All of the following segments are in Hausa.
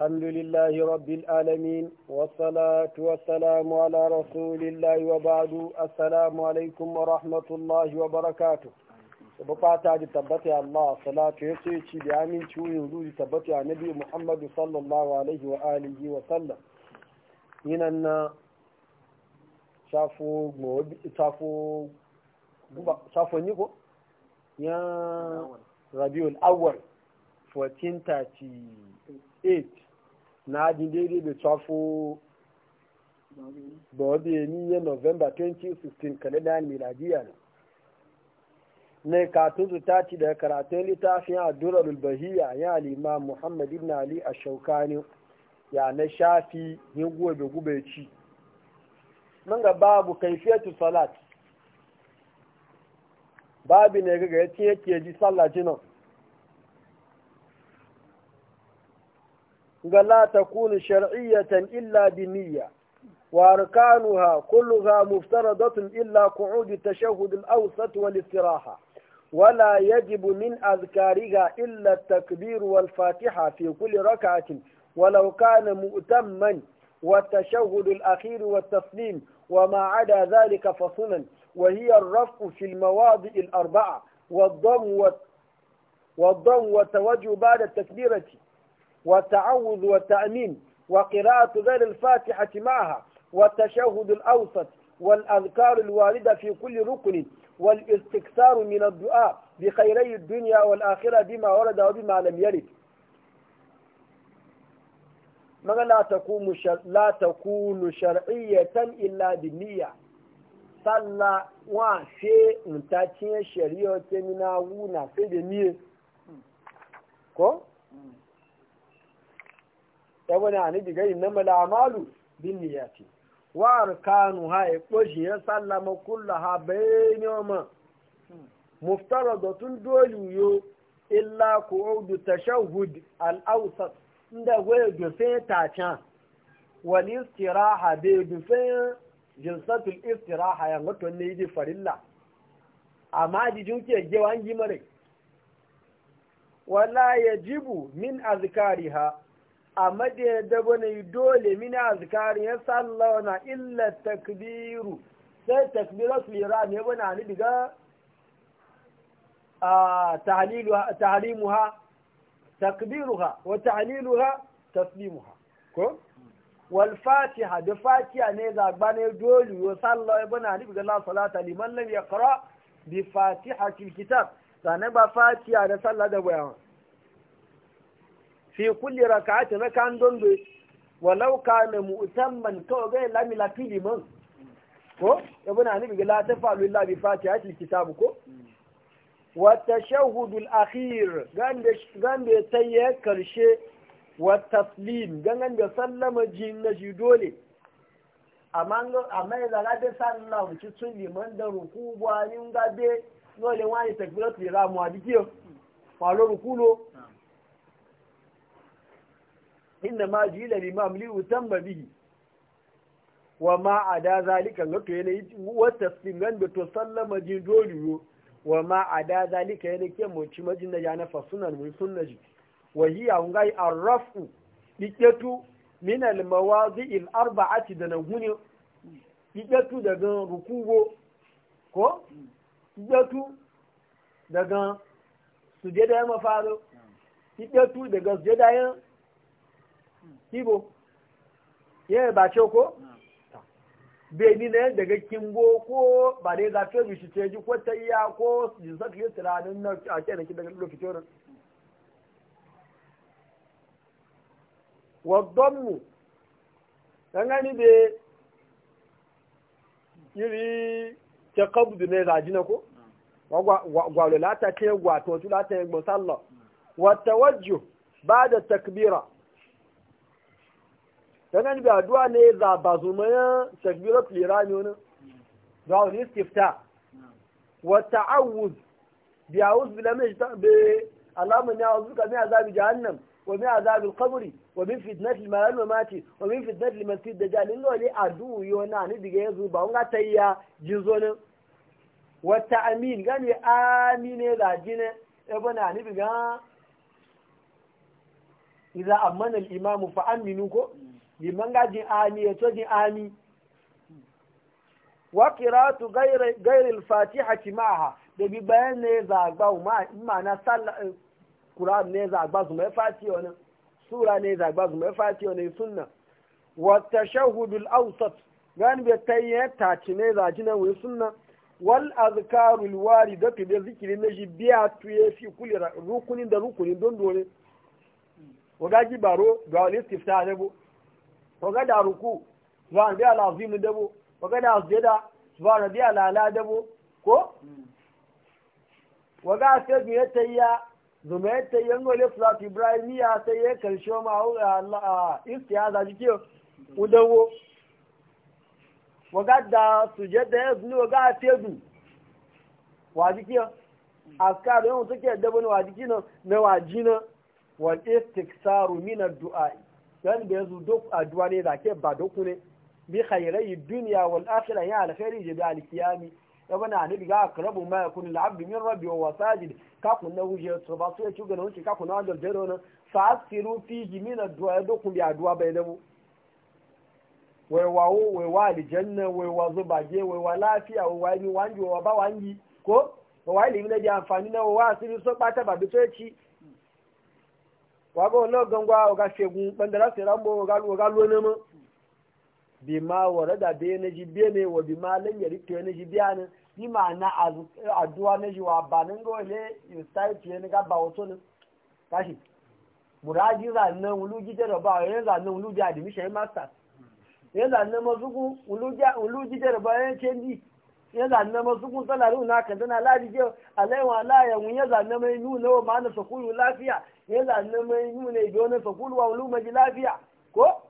الحمد لله رب العالمين والصلاة والسلام على رسول الله وبعد السلام عليكم ورحمة الله وبركاته bukata da tabbata Allah salatu ya ce ci da amin ciwon ruji tabbata ya nabi Muhammadu sallallahu alaihi wa alihi na shafo rabiul awwal 1438 na ji daidai da tsafo ba wadda ya niye november 2016 kalendar miladiya ne ne katun zuta ci daga karatun littafin addu'ar ulbahiya ya lima muhammad ibn ali a shaukani ya na shafi yin gobe gube ci nan ga babu kaifiyatu salat babu ne ga yake ji sallah jinan ga لا تكون شرعية إلا biniyya وأركانها كلها مفترضة إلا قعود التشهد الأوسط والاستراحة ولا يجب من أذكارها إلا التكبير والفاتحة في كل ركعة ولو كان مؤتما والتشهد الأخير والتسليم وما عدا ذلك فصلا وهي الرفع في المواضع الأربعة والضم والضم والتوجه بعد التكبيرة والتعوذ والتأمين وقراءة غير الفاتحة معها والتشهد الأوسط والأذكار الواردة في كل ركن والاستكثار من الدعاء بخيري الدنيا والآخرة بما ورد وبما لم يرد ماذا لا تكون شر... لا تكون شرعية إلا بالنية صلى وفي متاتين شريعة من عونا في النية كو ya wani anabi gari na malamalu bin niyati wa arkanu ha ya e kwashi ya sallama kulla ha bayan muftara da tun dole yo illa ku audu tashahud al-awsat inda gwaye dufe tacan wal istiraha be dufe jinsatul istiraha ya mutum ne yi farilla amma di ke gewa an wala yajibu min azkariha amma da ya dabo na yi dole mina azkarin ya sallawa na illa takbiru sai takbiratul ihram ya bana ni diga a tahliluha tahrimuha takbiruha wa tahliluha taslimuha ko wal fatiha da fatiha ne da gbane dole yo sallawa ya bana ni diga la salata liman lam yaqra bi fatihatil kitab sanan ba fatiha da sallah da bayan fi kulli raka'ati na kan dondo walau kana mu'tamman kawai ga lami la fili man ko ibn hanibi ga la tafalu illa bi fatihati kitab ko wa tashahhudul akhir gande gande tayye karshe wa taslim gangan da sallama jin shi dole amma amma da ga da sallah ci tun liman da ruku ba yin gabe dole wani takbiratul ihram wa dikiyo falo rukulo inna ma ji ila limam li utamma bihi wa ma ada zalika ngato yana wata singan da to sallama ji doliyo wa ma ada zalika yana ke mu ci majin da yana fa sunan mu ji wa hiya ungai arrafu diketu min al mawadi arba'ati da nan diketu daga rukugo ko diketu daga sujada ya mafaro diketu daga sujada ya kibo ya ba ce ko beni ne daga kimbo ko ba dai za ta rushe ce ji ko ta iya ko ji za ta yi tunanin na a ke da daga lokacin nan wadon mu dan gani be iri ta kabdu ne za ji na ko gwalo lata ce gwato tu lata yin gbasalla wata wajju ba da takbira dangane da addu'a ne za ba su mana takbirar ne wani za su ne stifta wata awuz bi awuz bi lamin ta bi alamun ya wuzu ka mai azabi jahannam wa mai azabi kaburi, wa min fitnati malal wa mati wa min fitnati masjid dajjal inda wani addu'u yona ni diga yanzu ba wani tayya jizonin wata amin gani amine da jine ebona ni biga idza amana al imamu fa aminu ko liman gajin ami ya cojin ami wa qira'atu ghayri al-fatihati ma'aha da bi bayan ne zagba ma na sallah eh, qur'an ne zagba su mai fatiha wannan sura ne zagba su mai fatiha ne sunna wa tashahhud al-awsat gan bi tayya ta ci ne zajina wa sunna wal azkaru al-waridatu bi zikri naji biya tuye fi kulli rukunin da rukunin don dole wa gaji baro ga wani istifta ne bu da ruku subhana biya al'azim dabo da sujada subhana biya al'ala dabo ko waga sai biya tayya zuma ya tayya ngole salatu ibrahimiya sai ya karshe ma Allah istiaza jikiyo udawo waga da sujada ya zuni waga fedu wa jikiyo askar yau suke dabo ne wa jikino na wa jina wal istiksaru min ad-du'a dan da yanzu duk addu'a ne da ke ba duk ne bi khairai dunya wal akhirah ya alkhairi je bi alkiyami ya bana ne ga akrabu ma yakun al abd min rabbi wa wasajid ka kun na wuje to ba su ya ci gano wuce ka kun na dal jero na fa asiru fi jimin da doku bi addu'a bai dabu wai wawo wai wa aljanna wai wa zubaje wai wa lafiya wai wa ni wanji wa ba wanji ko wai limin da amfani na wa asiru so ba bi to ya ci waga wani gangwa waga shegun bandara sai rambo waga lona ma bi ma wara da bai na ji bai ne wa bi ma lan yari na ji bi ma na aduwa na ji wa ba ga wale you start ne ga ba wato ne kashi muraji za ji ba za ji admission master za ji ji ba ya zanne masu kun tsala na ka dana ladi ke alaiwa alaya mun ya zanne mai nuna wa ma'ana sakulu lafiya ya zanne mai nuna ido na sakulu wa wulu maji lafiya ko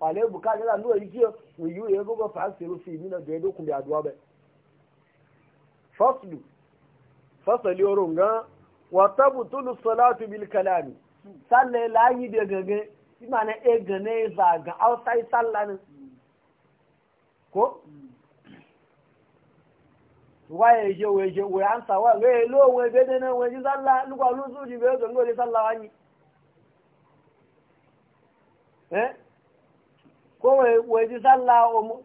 ale buka ya zanne wa yike mu yi ya gogo fa asiru fi mina da yado kun da aduwa bai faslu fasali orun ga wa tabtulu salatu bil kalami salle layi da gage imana e gane zaga outside sallan ko mm. waye je waye je waye an sa waye lo waye bede na waye zalla lugwa lu su ji bezo ngole salla wani eh ko waye waye ji salla o mu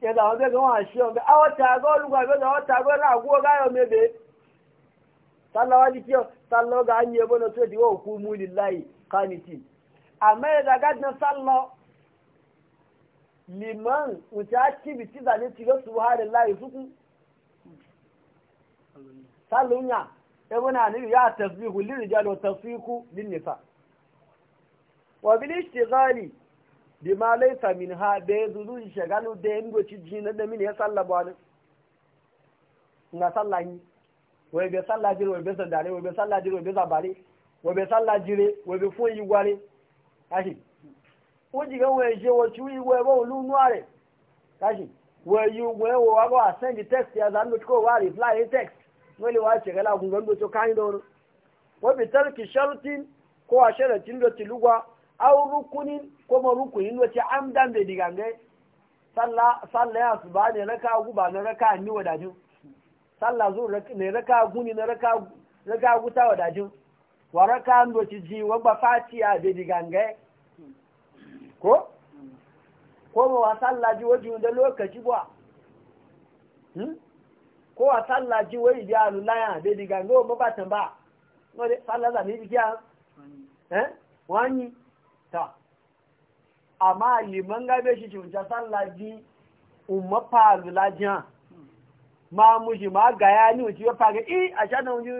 ya da wanda ga wa shi on be awata go lugwa be da awata go na go ga yo mebe salla wani kiyo salla ga anye bo na to di wo ku mu lillahi qanitin amma ya da na salla liman wuta activity da ne tigo subhanallahi suku sallunya ibn anil ya tasbihu lil rijal wa tasfiku lin nisa wa bil ishtighali bima laysa minha be zulu shagalu de ngo ci jina da min ya sallaba ne nga sallahi wa be sallajire wa be sandare wa be sallajire wa be zabare wa be sallajire wa be fun yigware ashi o jiga wa je wa ci yigwe ba ulu nuare ashi wa yigwe wa wa ga send text ya zan ko wa reply text wani wa ce gala kun gando to kan da wani wa bi tarki shartin ko a sharatin da tilugwa aw rukunin ko ma rukunin wace amdan bai digangai salla sallah ya su ba ne raka guba na raka ni wadajin sallah zuwa ne raka guni na raka raka guta wadajin wa raka ndo ci ji wa ba fatiya bai digangai ko ko ma wa salla ji wajen da lokaci ba hmm? ko a sallah ji wai biya lulaya be diga ngo mo batan ba ngo de sallah da ni biya eh wani ta amma liman ga be shi tunja sallah ji umma fa lulaja ma muji ma ga ya ni uji fa ga i a sha na uji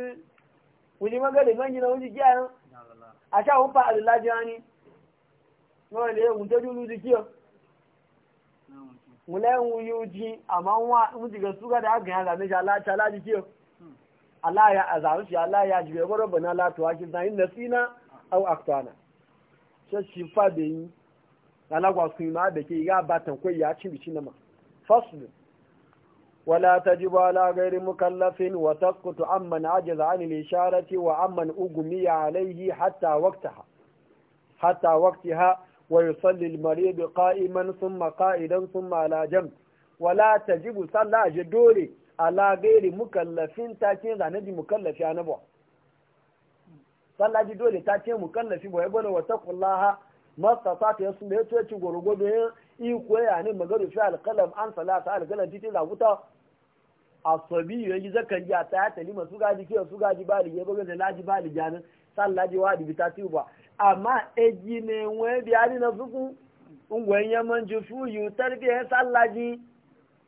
uji ma ga de manji na uji kiya a sha umma fa lulaja ni ngo le un to ju uji kiya mulayen wuyoji amma wa mujiga su ga da aka yi zane shi Allah ta laji ke Allah ya azaru shi Allah ya jibe gwaro bana latuwa ki zai na sina au aktana ce shi fa da yi alagwa su ma da ke ga batan kai ya ci bici nama fasl wala tajibu ala ghairi mukallafin wa tasqutu amman ajaza an al-isharati wa amman ugmiya alayhi hatta waqtaha hatta waqtaha ويصلي المريض قائما ثم قائدا ثم على جنب ولا تجب صلاة جدول على غير مكلفين تاتين زانجي مكلف يا نبوة صلاة جدول تاتين مكلف ويقول واتقوا الله ما استطعت يصل يتوتي غرغدو يكو يعني ما مغرب في القلم عن صلاة القلم تيتي لاغوتا asabi ya yi zakan ya ta ya talima su gaji kiyar su gaji bali ya bugu da laji bali janin sallaji amma eji na enwe biyari na suku ngwe nye manju fuyu tarbi ya sallaji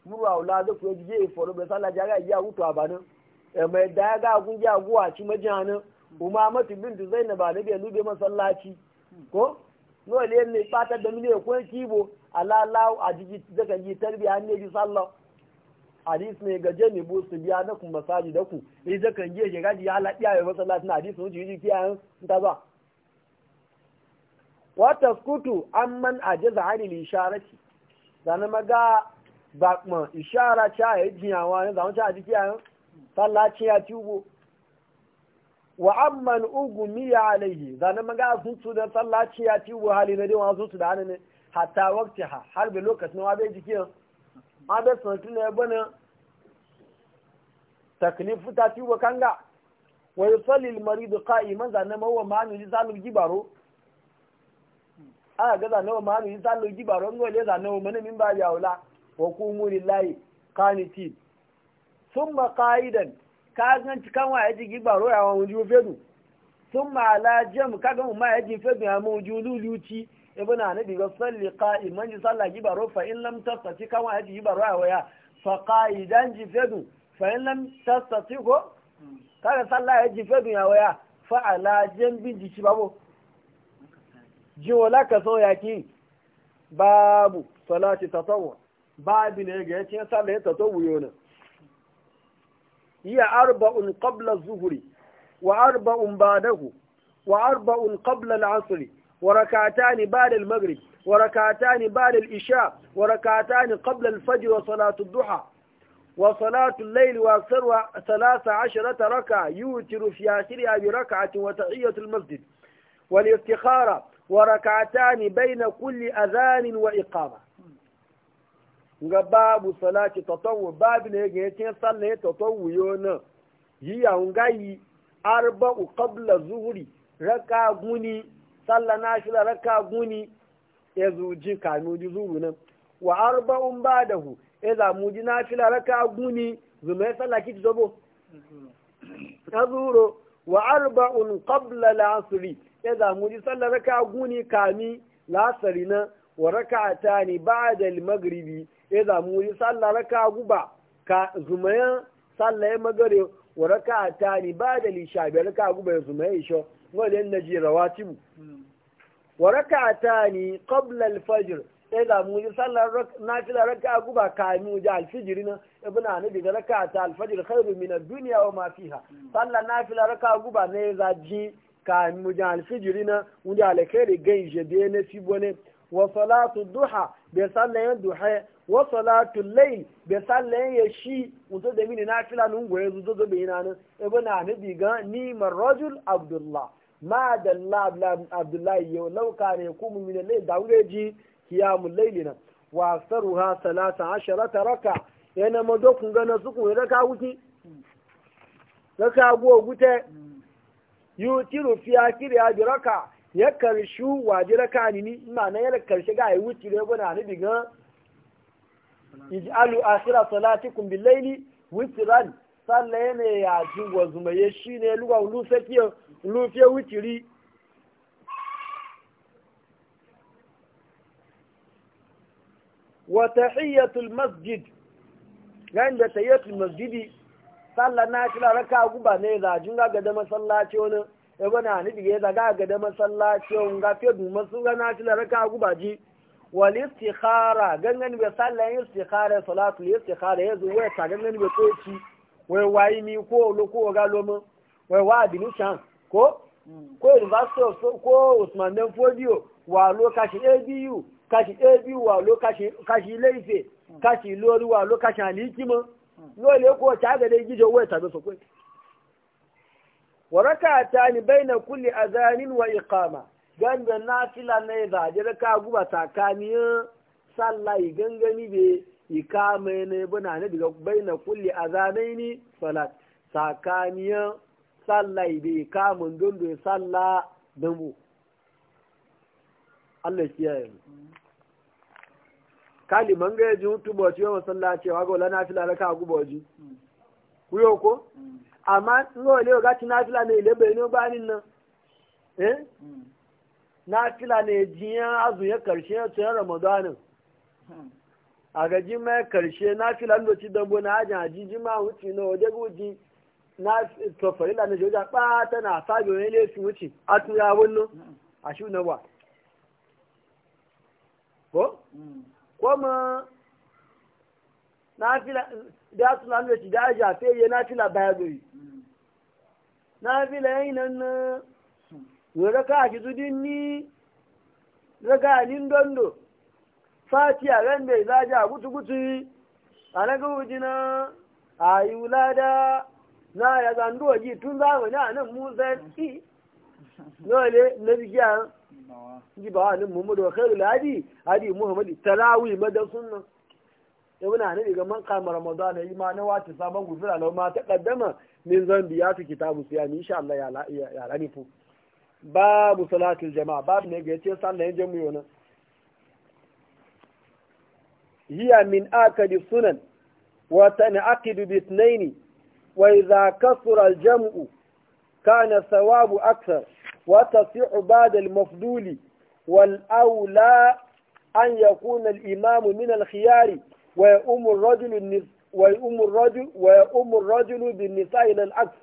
muru aula da ku je iforo be sallaji ga ya wuto abanu e mai da ga kun ja a ci majana kuma matu bintu zainab ba da lube masallaci ko no le ne pata da mine ko kibo ala law ajiji daga ji tarbi sallah hadis ne ga bu su biya na kuma saji da ku ni daga ji na hadis ji ji wata skutu an man ishara anil isharati ma maga bakman ishara cha ya jiyawa ne zama a jiki ayan sallaci ya tubo wa amman ugu miya alaihi zana maga sun su da sallaci ya tubo hali na dewa sun su da hannun hatta wakti ha harbe lokacin wa bai jiki ma bai sanatu na yabana taklifu ta tubo kanga wa yusalli al-marid man zana mawa ma'anu ji gibaro aka ga zanawa ma hannu yi sallo gibaron gole zanawa mana min ba yawula wa kumu lillahi kaniti sun ma ka'idan ka gan cikan wa yaji gibaro ya wani ju fedu sun ma ala jam ka ga ma yaji fedu ya mu ju luluci ibn anabi ga salli qa'iman ji salla gibaro fa in lam tastati kan wa yaji gibaro ya waya fa qa'idan ji fedu fa in lam tastati ko ka kaga salla yaji fedu ya waya fa ala jam bin ji babo jiwola ka so yaki babu salati tatawa babu ne ga yace sallah ya tatawu yona hiya arba'un qabla az-zuhri wa arba'un ba'dahu wa arba'un qabla al-'asr wa rak'atan ba'da al-maghrib wa rak'atan ba'da al-isha wa rak'atan qabla al-fajr wa salatu ad-duha wa salatu al-layl wa sarwa 13 raka yutiru fi asriha bi rak'atin wa tahiyatul masjid wal istikhara وركعتان بين كل أذان وإقامة nga babu salati tatawu babu ne ga yake sallaye tatawu yona yi ya ngai arba'u qabla zuhri raka guni salla nafila raka guni ya zuji kanu ji zuru nan wa arba'un badahu ya za mu ji nafila raka guni zumai salla kiti zobo mm-hmm. azuro wa arba'un qabla al-asri ya zamu ji sallar raka guni kami lasari na wa raka ta ne ba da magribi ya zamu ji sallar raka guba ka zumayan sallar ya magare wa raka ta ne ba da lisha biyar raka guba ya zumayan isho wanda yana ji cibu wa raka ta ne qabla alfajir ya zamu ji sallar nafila raka guba kami wajen alfijiri na ibn anabi da raka ta alfajir khairu min ad-dunya wa ma fiha sallar na nafila raka guba ne za ji ka mujan alfijiri na mujan alkhairi gai jabe na sibone wa salatu duha be sallayen duha wa salatu layl be sallayen ya shi mutu da mini na fila nun goye zuzo zo be yana nan na anabi ga ni rajul abdullah ma da abdullah yau lauka ne mu mini layl da wureji kiyamul laylina wa aktharuha 13 raka yana madokun ga na sukun raka wuti raka go gute hmm. yutiru fi akiri ya ya karshu wa jiraka ni ni ma na yala karshe ga yi wuce ne bana ni diga ij'alu akhira salatikum bil layli witran sallayna ne ya jingwa ya shine luwa lu sakiyo lu fi wutiri wa tahiyatul masjid ga inda tahiyatul masjidi sallar na shi fila raka guba ne zajin ga gada masallaci wani ya gwana ni biye zaga gada masallaci wani ga fiye duma su ga na fila raka guba ji wal istikhara gangan bai sallar istikhara salatu istikhara ya zo waya ta gangan bai tsoci wai wayi ni ko lo ko ga lomo wai wa abinishan ko ko university of ko usman dan fodio wa lo kashi abu kashi abu wa lo kashi kashi laife kashi lori wa lo kashi alikima lole ko ta ga dai gijo wai ta zo kai wa ni baina kulli adhanin wa iqama ganga nafila ne da jira ka guba kani eh, sallai gangami be ikama ne bana ne daga baina kulli adhanaini salat takani eh, sallai be ikamun dondo salla dambu Allah ya yi kali manga yaji hutu boji wa masallaci wa gola na fila raka agu boji kuyo ko amma ngo le ga ti na fila na ile be ne ba nin nan eh na fila na jiya azu ya karshe ta ramadanin a gaji mai karshe na fila lokaci dambo na ajin ajiji ma wuce na wajen guji na tofari da na joja ta na sabi wani laifin wuce a ya wannan a shi na ba ko hmm. kuma na fila da su lamu da ci da aja fe ya na fila baya gari na fila yayi nan na wura ka ki zudin ni daga alin dondo fatiya ran da za ja gutu gutu a na ga wujina a yi wulada na ya zanduwa ji tun zamani a nan musa ki dole na bigiya ji ba wani muhammadu wa khairul hadi hadi muhammadu tarawih madan sunna wuna hannun ga man qama ramadana ma na wata saman gufira na ma kaddama min zan biya ya kitabu siyam insha Allah ya ya rani fu babu salatul jama'a babu ne ga yace sallan jami'o nan hiya min akadi sunan wa tan'aqidu bi ithnaini wa idha kasura al-jam'u kana thawabu akthar وتصيح بعد المفضول والأولى أن يكون الإمام من الخيار ويؤم الرجل ويؤم الرجل ويؤم الرجل بالنساء إلى العكس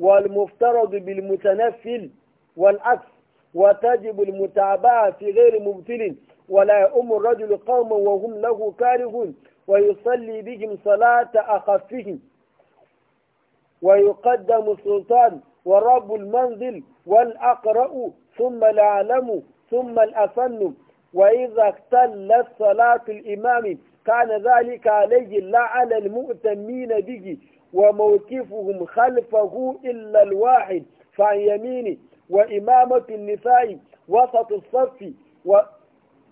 والمفترض بالمتنفل والعكس وتجب المتابعة في غير مبتل ولا يؤم الرجل قوما وهم له كارهون ويصلي بهم صلاة أخفهم ويقدم السلطان ورب المنزل والأقرأ ثم الأعلم ثم الأفن وإذا اختلت صلاة الإمام كان ذلك عليه لا على المؤتمين به وموقفهم خلفه إلا الواحد فعن يمينه وإمامة النساء وسط الصف و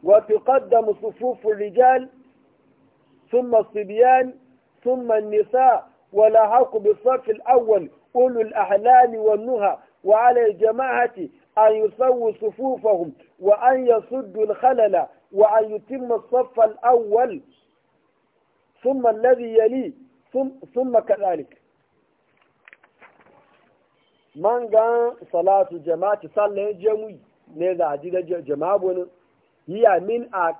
وتقدم صفوف الرجال ثم الصبيان ثم النساء ولاحق بالصف الأول أولو الأحلام والنهى وعلى الجماعة أن يسووا صفوفهم وأن يصدوا الخلل وأن يتم الصف الأول ثم الذي يليه ثم, ثم كذلك man ga salatu jama'ati sallan jami'i ne da ajiyar jama'a bonin yi min a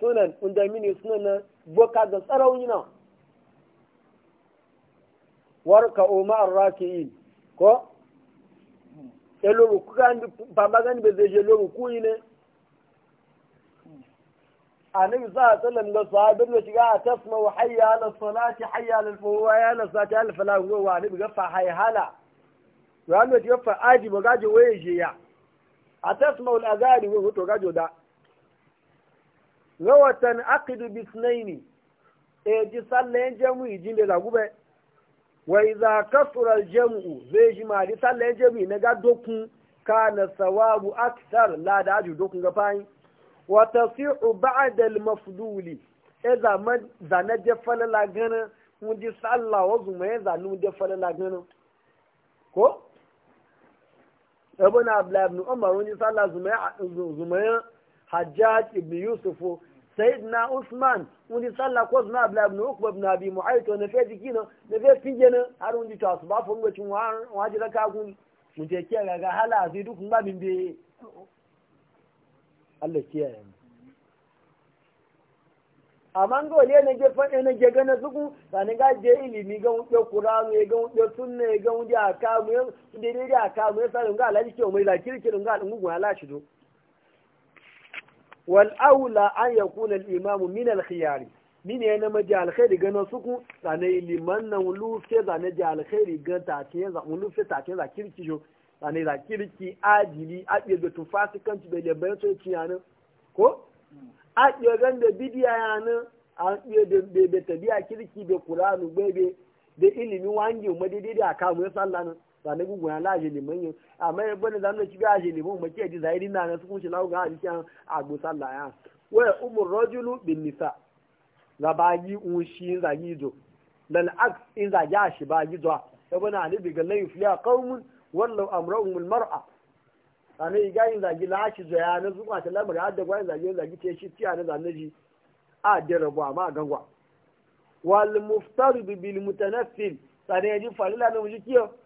sunan inda mini sunan boka da tsarauni na warka umar raki'in ko eloru kandi pambagani bezeje eloru kuine annabi sa sallam ga sahabin da shiga a tasma wa hayya ala salati hayya ala fuwa ya ala salati ala falahu wa annabi gafa fa hayhala wa annabi ga fa aji ba gaje waye je ya a tasma al azadi wa to gajo da watan aqidu bisnaini e ji sallan jamu jinde la gube wa idza kasura al-jam'u zai ji ma di sallan jami'i na ga dokun kana sawabu akthar la da aju dokun ga fayin wa tasihu ba'da al-mafduli idza e ma zana je falala gana mun ji sallah wa zuma ya e zanu je falala gana ko ibn abdullah ibn umar mun ji sallah zuma e, zuma hajjaj ibn yusuf sayyidina usman wani sallah ko suna abla ibn ukba ibn abi mu'ayto na fe jiki na na na har wani ta su ba fun gacin wa ji mu je ga ga hala zai duk ba min be Allah amma na je gana suku sani ga je ilimi ga wuce qur'anu ya ga wuce sunna ga ga alaji ke mai zakirki ala shi do wal aula an yakuna al imam min al khiyari min ya na maji alkhairi gano suku zane liman nan wulufe zane ji alkhairi gan tace za wulufe lufe tace za kirki jo zane za kirki ajili a ɗaya da tufasi kanci da lebar soci yanin ko a ɗaya gan da bidiya yanin a ɗaya da bebe tabiya kirki da kuranu bebe da ilimin wangi ma daidai da aka mu ya sallah zane gugu na laje liman yin amma ya bane zane ci ga je liman ma ke ji zairi na na su kunshi lawo ga hadisi an agbo sala ya waya umur rajulu bin nisa la ba yi un shi za yi zo dan ak in za ja shi ba yi zo ya bane ani bi galay fiya yufliya qaumun wallau amrahum al mar'a ani ga yin za gi la shi zo ya na zuwa ta lamar hadda gwa za gi za gi ce shi tiya na zane ji a da rabu amma gangwa wal muftaridu bil mutanaffil sane ji falila na mu ji kiyo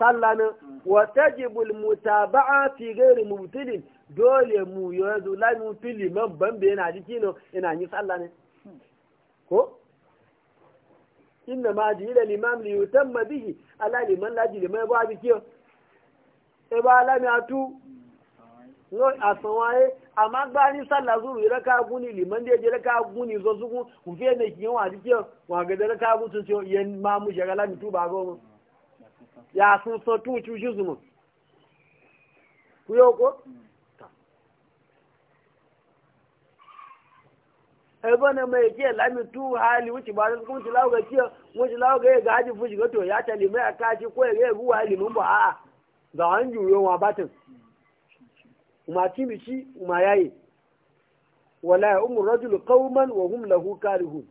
sallanin wa jibul mutaba'a fi gairi mubtilin dole mu yanzu la mubtili man bambe yana jiki no ina yi sallanin ko inna ma ji ila limam li yutamma bihi ala liman la ji liman ba kiyo e ba la mi atu no asan waye amma gba ni sallah zuru ira ka guni liman da je ka guni zo zugu ku fe ne kiyan wa jiki wa ga da ka gutun ce yen ma mu shagala mi ba go ya sun so tuci shi zumun ku yau ko? ebe na mai ke lami tu hali wuce ba zai kuma lawo ga ciye wuce lawo ga ga haji fushi ga to ya tali mai a kashi ko ya ga ruwa limin ba a'a ga an juyo wa batin ma tibici ma yayi wala ya umur rajulu qauman wa hum lahu karihun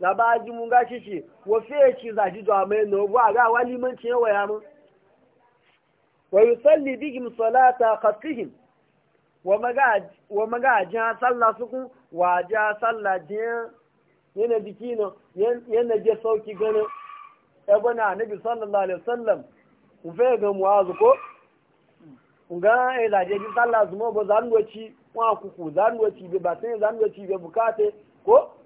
ba aji mun gashi shi ci shi ji zuwa mai na a ga wani manci yawa ya mun wa yi salli bihim salata khasihim wa maga a jiya sallah suku wa jiya sallah jiya yana biki na yana je sauki ganin na bi sallallahu alaihi wasallam ku fe ga mu azu ko nga e la je sallah zumo bo zanwaci wa kuku zanwaci be ba sai zanwaci be bukate ko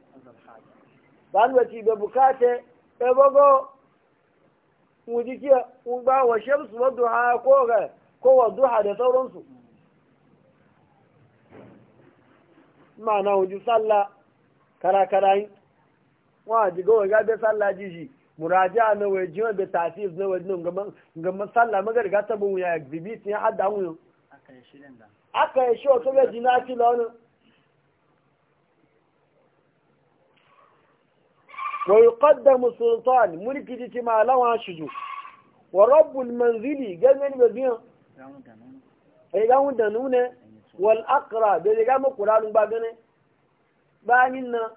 banwaci da bukate ebogo wujiki ba wa shamsu wa duha ko ga ko wa duha da sauransu ma'ana wuji sallah yi wa ji ga ga da sallah jiji muraja na wai jiwa da tafis na wajen gaban gaban salla maga riga ta bin ya exhibit ya hada mu aka yi shirin da aka yi shi wato ga jinaki launin wa yuqaddamu sultan mulki ji ma lawa shiju wa rabbul manzili gangan baziyan ai ga da nune wal aqra da ga mu qur'anu ba gane banin nan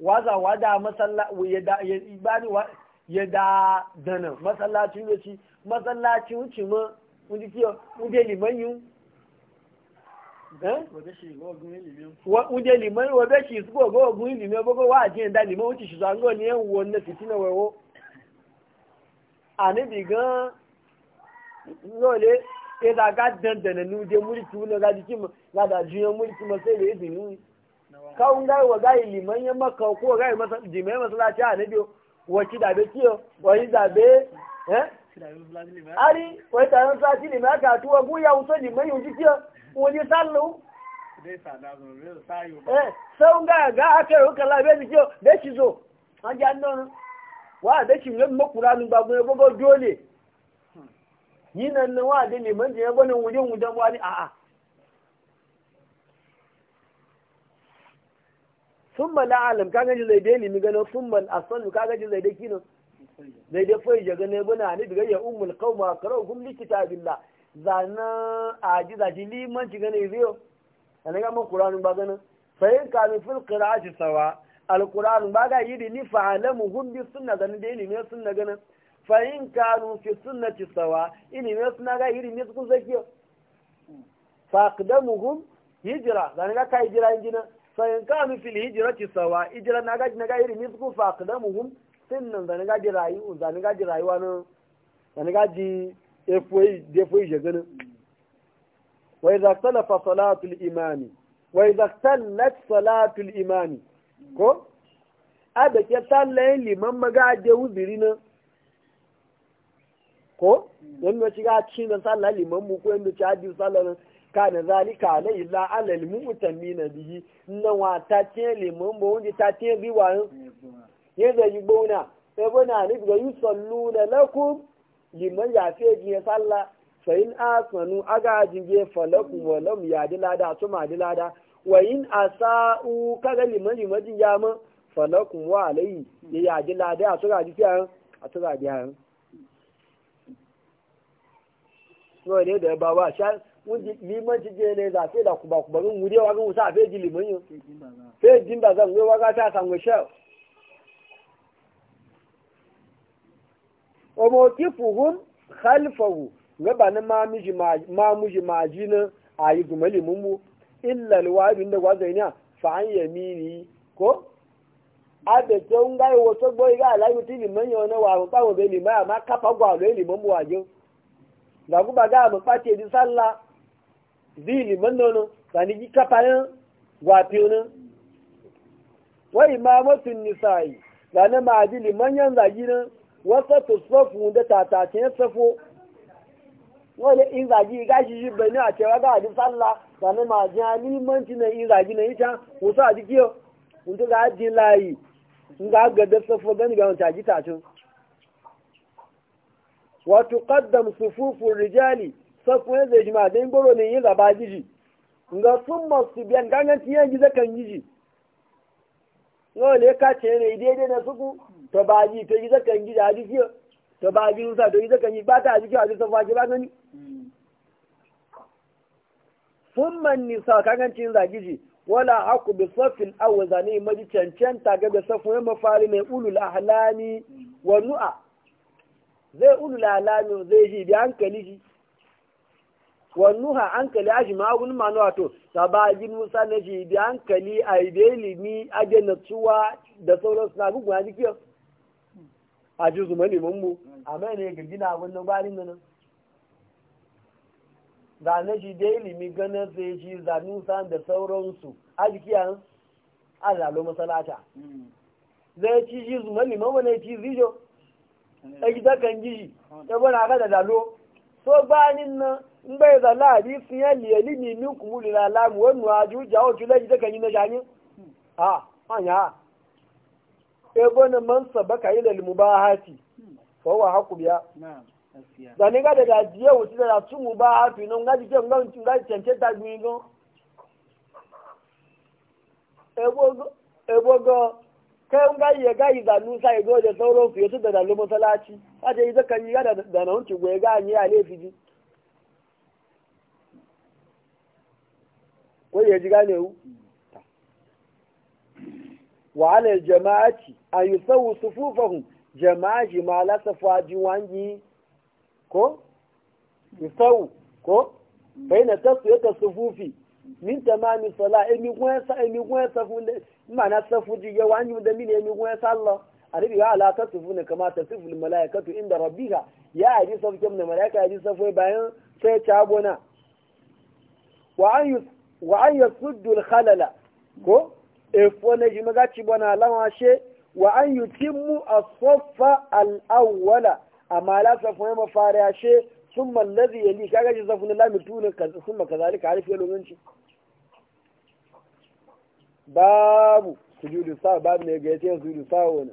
waza wada masalla ya da bani ya da dana masallaci wuce masallaci wuce mu mun ji kiyo mun je liman yun oúnjẹ lìmọ́ ìwọ̀n bẹ́ẹ̀ ṣì ìsúkò ọgọ́ ogun ìlú mẹ́ gbogbo wà àjíyàn dá lìmọ́ ó ti ṣùgbọ́n àgọ́ ní ẹ̀wù wọn ní fìtínà wẹ̀wọ́ àníbì gan-an náà lé ẹ̀dà ká dandanà ní oúnjẹ múlì tí wọn gá dìkì mọ́ gádà ju yan múlì tí mo fẹ́ rèé dìní wí. káwọn gá ìwọ̀ gá ìlìmọ́ yẹn mọ́ kan kó gá ìdìmọ́ yi mọ́sálásí be wọ̀ Ari wai tsarin sati ne mai aka tuwa guya wuto ne mai yanzu fiye wani sallu eh sau ga ga aka yi hukar labe da kiyo da shi zo an ji annon wa da shi yin makura nun babu ya gogo dole yi nan nan wa da neman jiya gwani wujen wujen wani a'a sun ma la'alim ka gaji zai daini mi gano sun a asalin ka gaji zai daiki nan zai dai fai jaga ne bana ni daga ya ummul qauma qara'uhum li kitabillah zana aji zaji liman ci gane biyo ana ga mun qur'anin ba gana fayin ka mi fil qira'ati sawa alqur'an ba ga yidi ni fa'alamu hum bi sunna zan dai ilimi sunna gana fayin kanu fi sunnati sawa ilimi sunna ga yidi ni su zakiyo faqdamuhum hijra zan ga kai hijra injina fayin kanu fil hijrati sawa hijra na ga na ga yidi ni su faqdamuhum da zane ji rayu zane ji rayuwa nan zane gaji defo ije ganin wa idza talafa al imani wa idza talat al imani ko a da ke tallayin liman magaje wuziri nan ko yanda ci ga ci nan sallah liman mu ko yanda ci hadi sallah nan da zalika la illa ala al mu'tamina bihi nan wa ta ce liman bo wanda ta ce biwa yadda yi gbona ebe na ni ga yi sallu na lakum liman ya fi ji ya salla fa in asanu aga jinge fa lakum wa lam ya dilada to ma dilada wa in asa'u kaga liman liman jin ya ma fa lakum wa alayhi ya ya dilada ji fiyan a da ba sha ji ne da wa mawqifuhum khalfahu gaba na mamuji mamuji majina ayi gumali mummu illa alwabi da abe wo wasa to safu da tatacin safo wani in zagi ga shi shi bani a cewa ga hadin sallah sanin ma ji alimanci na in zagi na ita wasu a jikiyo wanda ga ji layi in ga gadar safo gani ga wancan ji tacin wato kaddam sufufun rijali safu yanzu ya jima don goro ne yin zaba jiji ga sun masu biyan gangan ji gizo kan jiji wani ya kace ne daidai na suku to ba ji to yi zakan gida a jikiyo to ba ji rusa to yi zakan yi ba ta jikiyo a jisun fage ba gani sun man nisa kagancin zagiji wala haku bi safin awa zane maji cancanta ga da safin yamma fari mai ulul ahlami wa nu'a zai ulul ahlami zai shi bi hankali shi wa nuha hankali ashi ma'agun manu wato sabajin musa na shi bi hankali a ibe limi a da sauransu na gugu na jikiyar a ji zuma liman mu mm. a mai ne ga abin wannan gwarin nan zane shi da ilimi ganin sai shi zanu san da sauransu a jiki a zalo masalata mm. zai ci shi zuma liman wani ci zijo mm. a gida kan gishi ya bana ka da lalo so bayanin nan in bai bi sun yi liyali ne min kumuli lalamu wani ajuja wacu zai gida kan yi na a ha an ya ebon man sabaka ila al mubahati fa huwa haqu biya zani ga daga jiya wuce da su mubahati non ga jike ngon ga cence ta gwigo ebogo ebogo kai nga yi ga yi zanu sa yi da sauran su yasu da dalu masalaci a ce ita kan yi ga da na hunci goye ga yi a laifi ko ya wa ala jama'ati an yusawu sufufahum jama'a ji ma la safa ji wangi ko yusawu ko bayna tasfiyata sufufi min tamami sala emi gwen sa emi gwen safu mana safu ji ya wangi da min emi gwen sallah arabi ya ala tasfuna kama tasful malaikatu inda rabbiha ya aji safu kamna malaika aji safu e bayan sai ta bona wa an yusuddu al khalala ko efo na ji maga ci bana lawa she wa an yutimmu as-saffa al-awwala amma la safu ma fara she thumma alladhi yali kaga ji safu la mituna kaza thumma kazalika arifi lomanci babu sujudu sa babu ne ga yace sujudu sa wani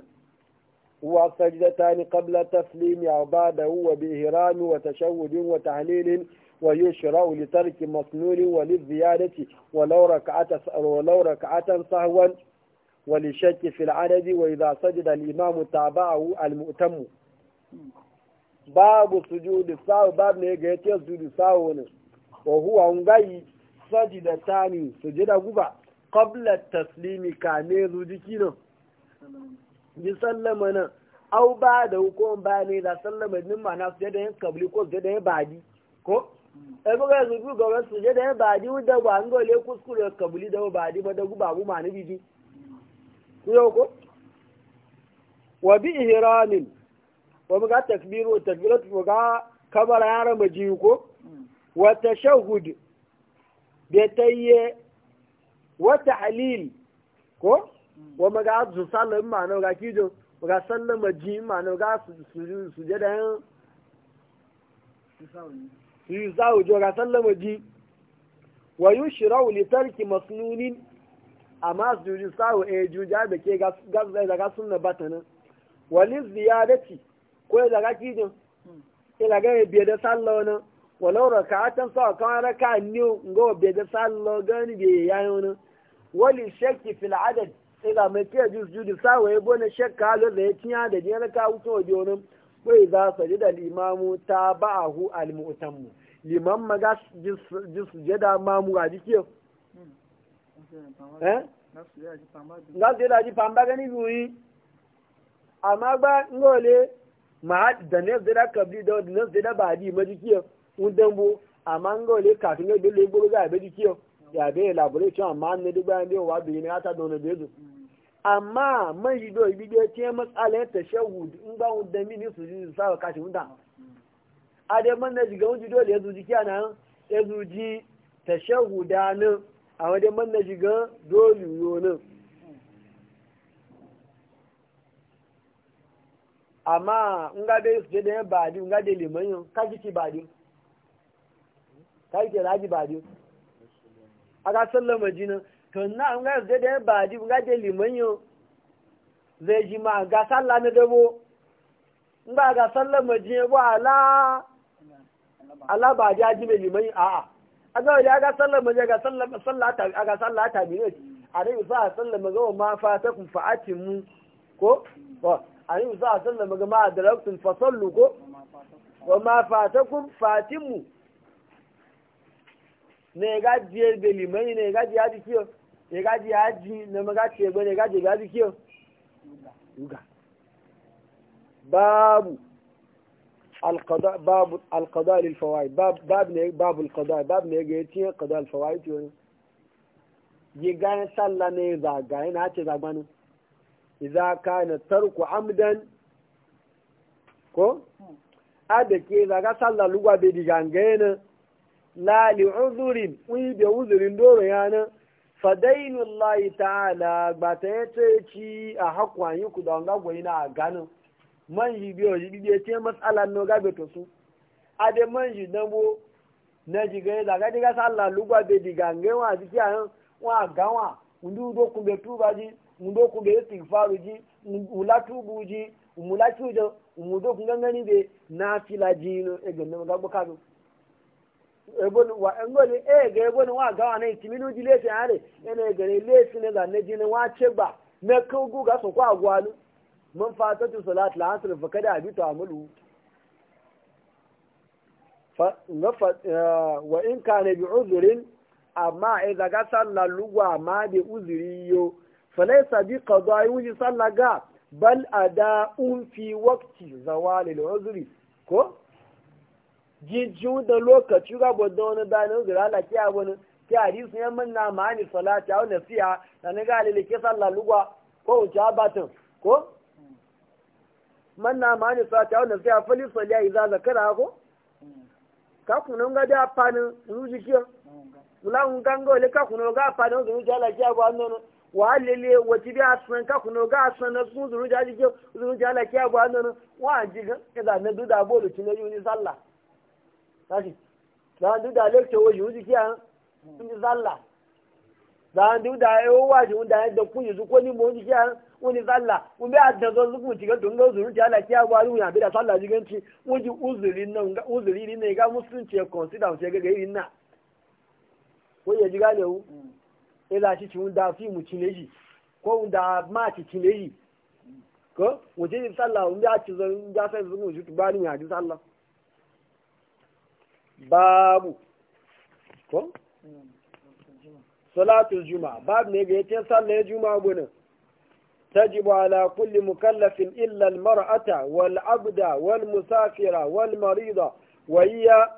wa sajdatani qabla taslimi wa ba'da huwa bi ihrami wa tashawwudin wa tahlilin ويشرع لترك مصنوع وللزيادة ولو ركعة ولو ركعة سهوا وللشك في العدد وإذا سجد الإمام تابعه المؤتم باب سجود الساو باب نيجيتي سجود الساو وهو أنغي سجد ثاني سجد غبا قبل التسليم كان يزوجكينا يسلم أنا أو بعد وكون باني إذا سلم ابن ناس سجد قبل يكون سجد يبعدي ko eboga zubi ga wasu je da ya baji da ba an gole kuskure kabuli da ba di ba da guba bu ma ni ku yau ko wa bi ihramin wa muga takbiru takbiratu muga kabara ya rama ko wa tashahhud da tayye wa tahlil ko wa muga zu sallam ma no ga kijo muga sallama ji ma no ga su su je da yi za a jora sallama ji wa yi shirau litarki masnunin a masu juji sawo a juja da ke daga suna batanin wani ziyarati ko ya daga kijin ya daga ya biya da sallo nan walau raka a can sawa kawai raka ne ga biya da sallo gani da ya yi wani wali shakki fil adad ya ga mai kiyar juji sawo ya bane shakka halar da ya cinya da jiyar ka wuce wa biyo nan? wai za su ji da limamu ta ba'ahu al-mu'tammu liman maga ji su je da mamu ga ji kiyo eh ga su je da ji famba gani biyu amma ba ngole ma da ne zai da kabli da ne da ba di ma ji kiyo un dambo amma ngole kafin ne dole gboro ga be ji kiyo ya be labure cewa amma ne duk bayan da wa bi ne ata don ne bezu amma man shi do ibi do tiyan matsala ya tashahud in ba mu da mini su ji sa ka kashi munda a dai man na shiga wunji dole ya zuji kiyana ya zuji tashahuda nan a wajen man na shiga dole yo nan amma in ga dai su je da yan badi in ga dai liman yau kaji ci badi kaji ke laji badi a ga sallama jinan to na nga ga da ba di nga de limanyo zai ji ma ga sallah na dabo in ba ga sallah majiye ba ala ala ba ja ji mai limanyo a a aga ya ga sallah majiye ga sallah sallah ta ga sallah ta bi ne a dai sa sallah maga ma fa ta kun fa atimu ko a yi za a sallah maga ma adaraktun fa sallu ko wa ma fatakum fatimu ne ga jiyar belimai ne ga adi kiyo ya gaji ya ji na magaci ya gaji babu babu alqada ne babu ne ga yace qada al fawaid yo ye ga sallah ne za ga ce za gbanu idza kana tarku amdan ko adake za ga sallah lugwa be digangena la li uzurin wi be uzurin doro yana fadainun layi ta'ala ba ta yi tsoci a hakuwa yi ku da wanga gwai na ganin man yi biyo yi biyo ce matsala no gabe to su a de man yi na bo na jiga yi daga diga sallah lugwa be diga nge wa jiki a yan wa gawa ndu do kun be tuba ji ndu kun be istighfaru ji ula tubu ji umula tujo umudo kun ngani be na fila ji no e ganna ga bukatu ebon wa ngoli e ga ebon wa ga wa ne timinu di lefi are ene ga ne lefi ne da ne ji ne wa chegba me ko gu ga so kwa gwalu mun fatatu salat la asr fa kada abi to amalu fa ngafa wa in kana bi uzrin amma idza ga salla lugwa ma bi uzri yo fa laysa bi qada'i wuji salla ga bal ada'un fi waqti zawali al-uzri ko jiju da lokaci ga gwada wani danin gira ala a wani ki hadisu yan manna ma'ani salati wani siya da ni ga lele ke sallah lugwa ko wuce abatin ko manna ma'ani salati wani siya fali za da zakara ko ka ga da fanin ruji kiyo ulan ganga le ka kunan ga fani ruji ala a wa nono wa lele wati bi a ka kakunan ga a na sun zuru jaji a zuru jala kiya wa nono wa jigan idan na duda bolu tinaju ni sallah kashi za ndu da lecture wo yuzi kiya hmm. kun ji zalla za ndu da yo wa ji unda da kun yuzu ko ni mo ji kiya woni zalla mun bi adda zo zuku ti ga dunga zuru ti ala kiya wa ruya bi da sallah ji ganci mun uzuri nan ga uzuri ne ga musulunci ya consider ce ga gari na ko ya ji gale wu hmm. e la shi tun da fi mu ko ma ci hmm. ko sallah ci zo babu salatul juma babu ne ga yake sallaya juma gudu tajibu ala kulli mukallafin illa mar'ata wal abda wal musafira wal marida wa iya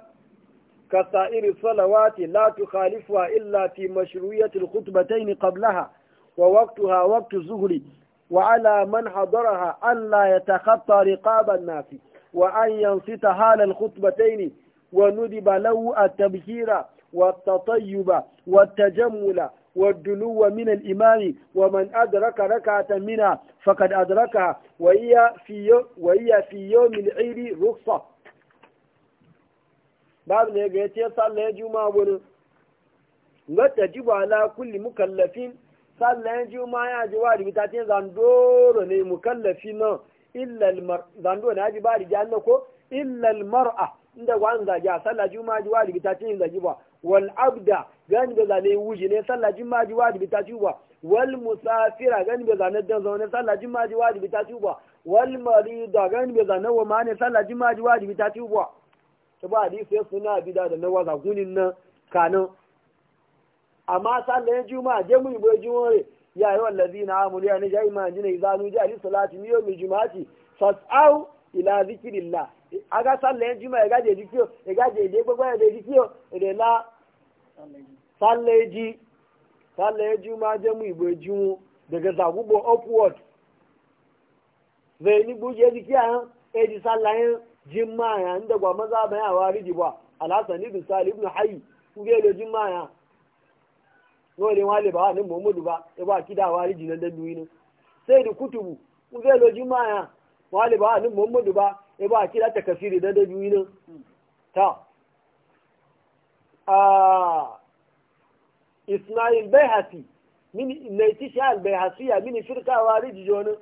ka sa'iri salawati la tukhalifuwa illa fi mashruyatil khutbatayn qablaha wa waqtuha waqtu zuhri wa ala man hadaraha ya la yatakhatta riqaban nasi wa an yansita halal khutbatayn وندب له التبكير والتطيب والتجمل والدنو من الإمام ومن أدرك ركعة منها فقد أدركها وهي في يوم, وهي في يوم العيد رخصة بعد ما يجي صلى الجمعة وتجب على كل مكلف صلى الجمعة يا جواري بتاتين زندور مكلفين إلا المرأة زندور يا جواري جانكو إلا المرأة inda an zagi a sallah juma'a ji wajibi ta cin zagi ba wal abda gani da zane wuji ne sallah juma juwa da bita ci ba wal musafira gani da zane dan zaune sallah juma juwa da bita ci ba wal marida gani da zane wa mane sallah juma juwa da bita ci ba to ba hadisi ya suna bida da na waza gunin nan kanin amma sallah juma'a je mu yi bai juma'a ya yi wallazi na amuriya ne ja imani ne izanu ji li salati miyo mi juma'ati fas'au ila zikirillah aga sallah juma ya gaje dikiyo ya gaje da gbogbo ya da dikiyo da la sallah eji sallah juma je mu igbo jiwo daga zagugbo upward zai ni buje dikiya han e di sallah yan juma ya inda gwa maza ba ya wari di ba alhasan ibn salih ibn hayy kuje lo juma ya no le wale ba ni muhammadu ba e ba kida wari di nan da duwi ne sai di kutubu kuje lo juma ya wale ba ni muhammadu ba e ba kira ta kafiri da da juyi nan ta a ismail bayhasi min naiti sha ya? min firka wariji jonin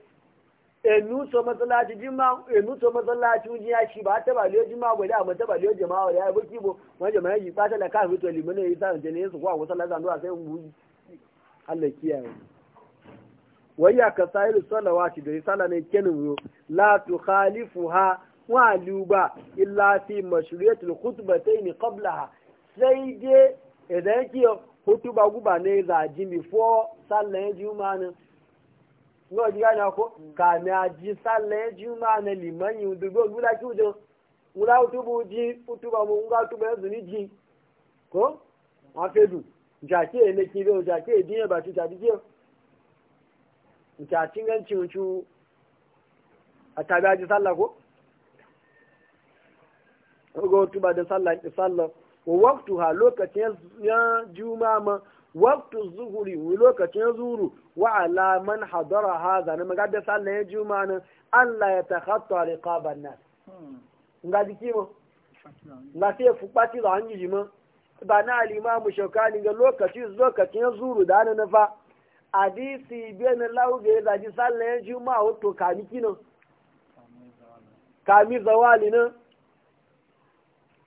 enu so masallaci jima enu so masallaci mun ya shi ba ta ba liyo jima ba da amma ta ba liyo jama'a ya ba bo ma jama'a ji ba ta la kafiri to limana yi sa jene su kwa masallaci zan do sai mu Allah kiyaye wayya ka sayiru salawati da risala ne kenin yo la tukhalifuha wa luba illa fi mashru'iyatil khutbatayn qablaha sai dai idan yake hutuba guba ne za ji before sallan juma'a ne ngo ji ganya ko ka mi aji sallan juma'a ne liman yu dubo gula ki ujo ngula hutubu ji hutuba mu nga hutuba yanzu ni ji ko wa fedu jake ne ki be o jake din ba ti jadi je nta cingan cincu a tabi aji sallah ko ko ba da sallah ki sallah ha lokacin ya juma ma waktu zuhuri wa lokacin zuru wa ala man hadara ha zane ma da sallah ya juma nan Allah ya takhatta riqaban hmm. Nga jiki kimo na sai fukpati da hanji jima ba na al-imam shaukani ga lokacin lokacin zuhuru da na fa. hadisi bene lauge da ji sallan juma'a wato kami kino kami zawali na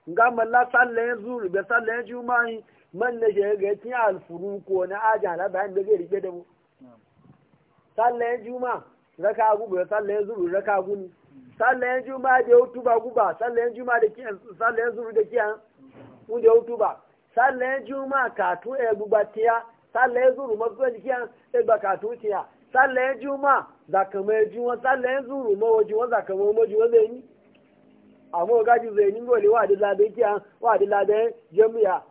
nga malla sallan zuru be sallan juma'a man ne je ga tin alfuru ko na aja na bayan da zai rike da mu sallan juma'a raka gu be sallan zuru raka gu ni sallan juma'a da utuba guba sallan juma'a da kiyan sallan zuru da kiyan mu da utuba sallan juma'a ka to e gubatiya sallah ya zuru masu wani kiyan sai ba ka tuciya sallah ya juma za ka mai juma sallah ya zuru ma waje za ka mai maji zai yi amma o gaji zai yi gole wa da labe kiyan wa da labe jami'a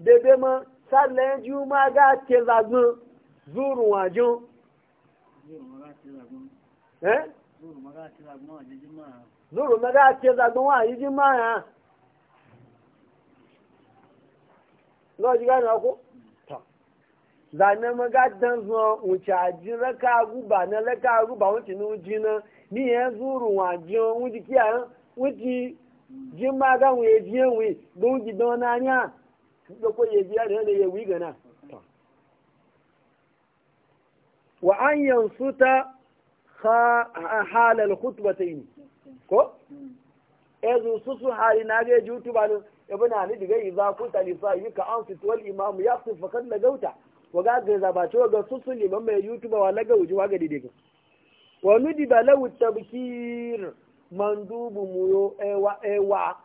bebe ma sallah juma ga ke zagun zuru wajen eh zuru ma ga ke zagun waje jima'a zuru ma ga ke zagun waje jima'a lọ́jọ́ gánà ọkọ̀ zane maga dan zo wuce aji raka guba na raka guba wuce ni wuji na ni ya zuru wa ji wuji kiya wuji ji ma ga wu ya ji wi don wuji don na nya da ko ya ji da ya wi gana wa an yansuta halal khutbatayn ko ezu susu hali na ga jutu ba ibn ali e diga iza kunta li sahibika ansut wal imam yaqif fa kan gauta waga ga ce waga susu liman mai youtube wa laga wuji waga dide ka wa nudi ba lawu tabkir mandubu muyo ewa ewa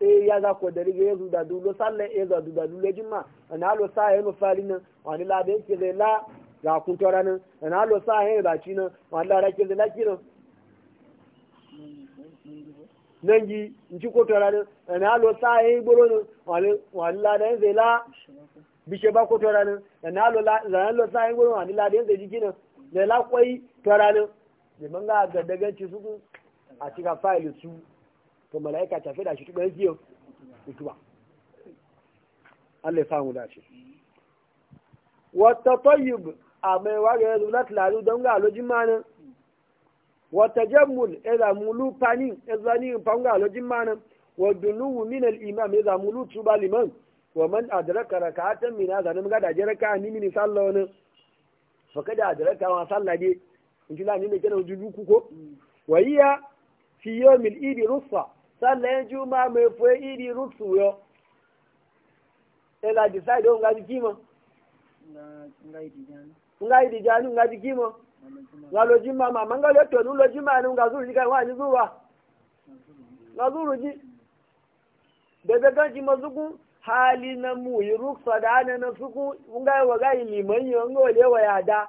e ya za ko dari ga yanzu da dulo sallan e za da dulo jima ana lo sa yayin falin wani la bai ke la ga kun tora nan ana lo sa yayin ba ci nan wani la rake da la kiran nan ji in ci ko tora nan ana lo sa yayin gboro nan wani la da zai la bishe ba ko toranin da na lo la lo sai gurin wani la da zai nan da la koi toranin da man ga ga daga ci su a cika file su to malaika ta fida shi tuba jiyo tuba Allah ya samu shi wa tatayyub a mai waga ya zulat lalu don ga alojin manan wa tajammul idza mulu panin idza ni panga alojin manan wa dunu min al imam idza mulu tuba liman wa man adraka rak'atan min azan mun ga da jaraka ni min sallah wani fa kada adraka wa sallaje in ji lani ne kana wujudu ku ko wa hiya fi yawmil idi rufa sallah juma mai fo idi rufu yo ela sai don ga dikima nga idi jani nga dikima nga lo jima mama nga lo tonu lo jima ni ga zuru ga wa ni zuwa nga zuru ji bebe kan ji mazugun hali na mu yi ruksa da ana na suku ngai wa gai liman yi ngo le wa yada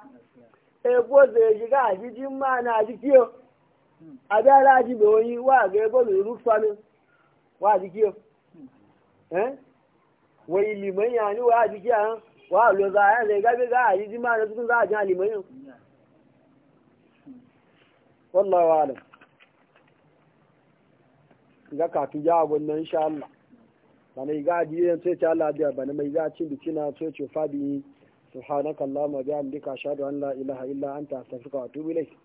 e bo ze ji ga ji jin ma na ji kiyo abara ji do yi wa ga bo e lu ruksa ne wa ji kiyo eh wa liman ya ni wa ji kiyo wa lo za ya le ga ga ji jin ma na suku za ji liman yi wallahi wa alam ga ka tuja wannan insha Allah bana iga adiyan sai ta Allah biya bana mai za cin biki na sai ce fabi subhanakallahumma bihamdika ashhadu an la ilaha illa anta astaghfiruka wa atubu ilayk